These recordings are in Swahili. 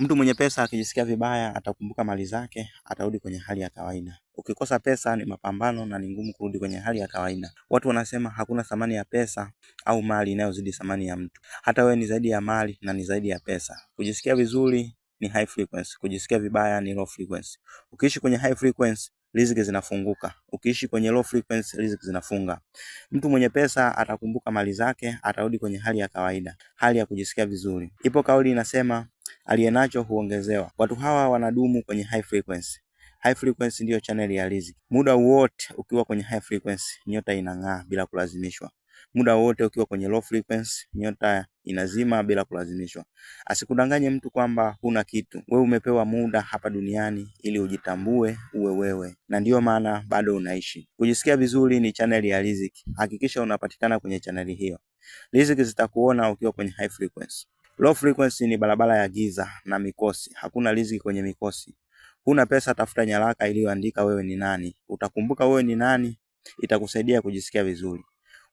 Mtu mwenye pesa akijisikia vibaya atakumbuka mali zake, atarudi kwenye hali ya kawaida. Ukikosa pesa ni mapambano na ni ngumu kurudi kwenye hali ya kawaida. Watu wanasema hakuna thamani ya pesa au mali inayozidi thamani ya mtu. Hata wewe ni zaidi ya mali na ni zaidi ya pesa. Kujisikia vizuri ni high frequency, kujisikia vibaya ni low frequency. Ukiishi kwenye high frequency, riziki zinafunguka. Ukiishi kwenye low frequency, riziki zinafunga. Mtu mwenye pesa atakumbuka mali zake, atarudi kwenye hali ya kawaida, hali ya kujisikia vizuri. Ipo kauli inasema aliyenacho huongezewa. Watu hawa wanadumu kwenye high frequency. High frequency ndiyo channel ya riziki. Muda wote ukiwa kwenye high frequency, nyota inang'aa bila kulazimishwa muda wote ukiwa kwenye low frequency, nyota inazima bila kulazimishwa. Asikudanganye mtu kwamba huna kitu. Wewe umepewa muda hapa duniani ili ujitambue, uwe wewe, na ndiyo maana bado unaishi. Kujisikia vizuri ni chaneli ya Riziki, hakikisha unapatikana kwenye chaneli hiyo. Riziki zitakuona ukiwa kwenye high frequency. Low frequency ni barabara ya giza na mikosi, hakuna riziki kwenye mikosi. Huna pesa, tafuta nyaraka iliyoandika wewe ni nani. Utakumbuka wewe ni nani, itakusaidia kujisikia vizuri.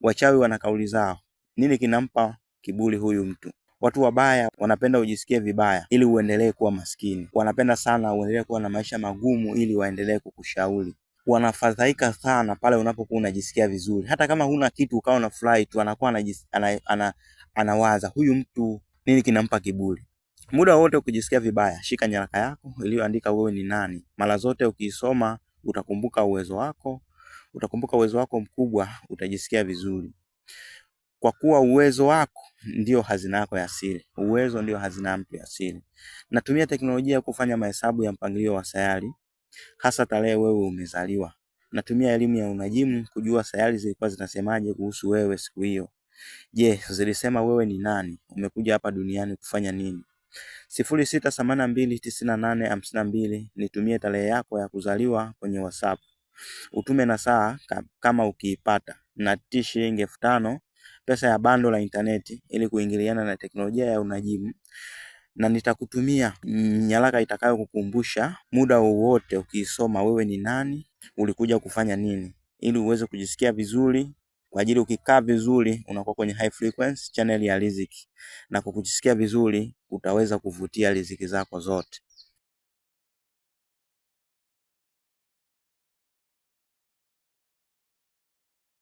Wachawi wana kauli zao. Nini kinampa kiburi huyu mtu? Watu wabaya wanapenda ujisikie vibaya ili uendelee kuwa maskini. Wanapenda sana uendelee kuwa na maisha magumu ili waendelee kukushauri. Wanafadhaika sana pale unapokuwa unajisikia vizuri, hata kama huna kitu ukawa na unafurahi tu, anakuwa anajis, ana, ana, anawaza huyu mtu nini kinampa kiburi. Muda wote ukijisikia vibaya, shika nyaraka yako iliyoandika wewe ni nani. Mara zote ukiisoma utakumbuka uwezo wako utakumbuka uwezo wako mkubwa, utajisikia vizuri, kwa kuwa uwezo wako ndio hazina yako ya asili. Uwezo ndio hazina mtu ya asili. Natumia teknolojia kufanya mahesabu ya mpangilio wa sayari, hasa tarehe wewe umezaliwa. Natumia elimu ya unajimu kujua sayari zilikuwa zinasemaje kuhusu wewe siku hiyo. Je, yes, zilisema wewe ni nani? Umekuja hapa duniani kufanya nini? sifuri sita themanini na mbili tisini na nane hamsini na mbili. Nitumie tarehe yako ya kuzaliwa kwenye WhatsApp utume na saa kama ukiipata, na T shilingi elfu tano pesa ya bando la intaneti ili kuingiliana na teknolojia ya unajimu, na nitakutumia nyaraka itakayokukumbusha muda wowote ukiisoma, wewe ni nani, ulikuja kufanya nini, ili uweze kujisikia vizuri kwa ajili. Ukikaa vizuri, unakuwa kwenye high frequency channel ya riziki, na kwa kujisikia vizuri, utaweza kuvutia riziki zako zote.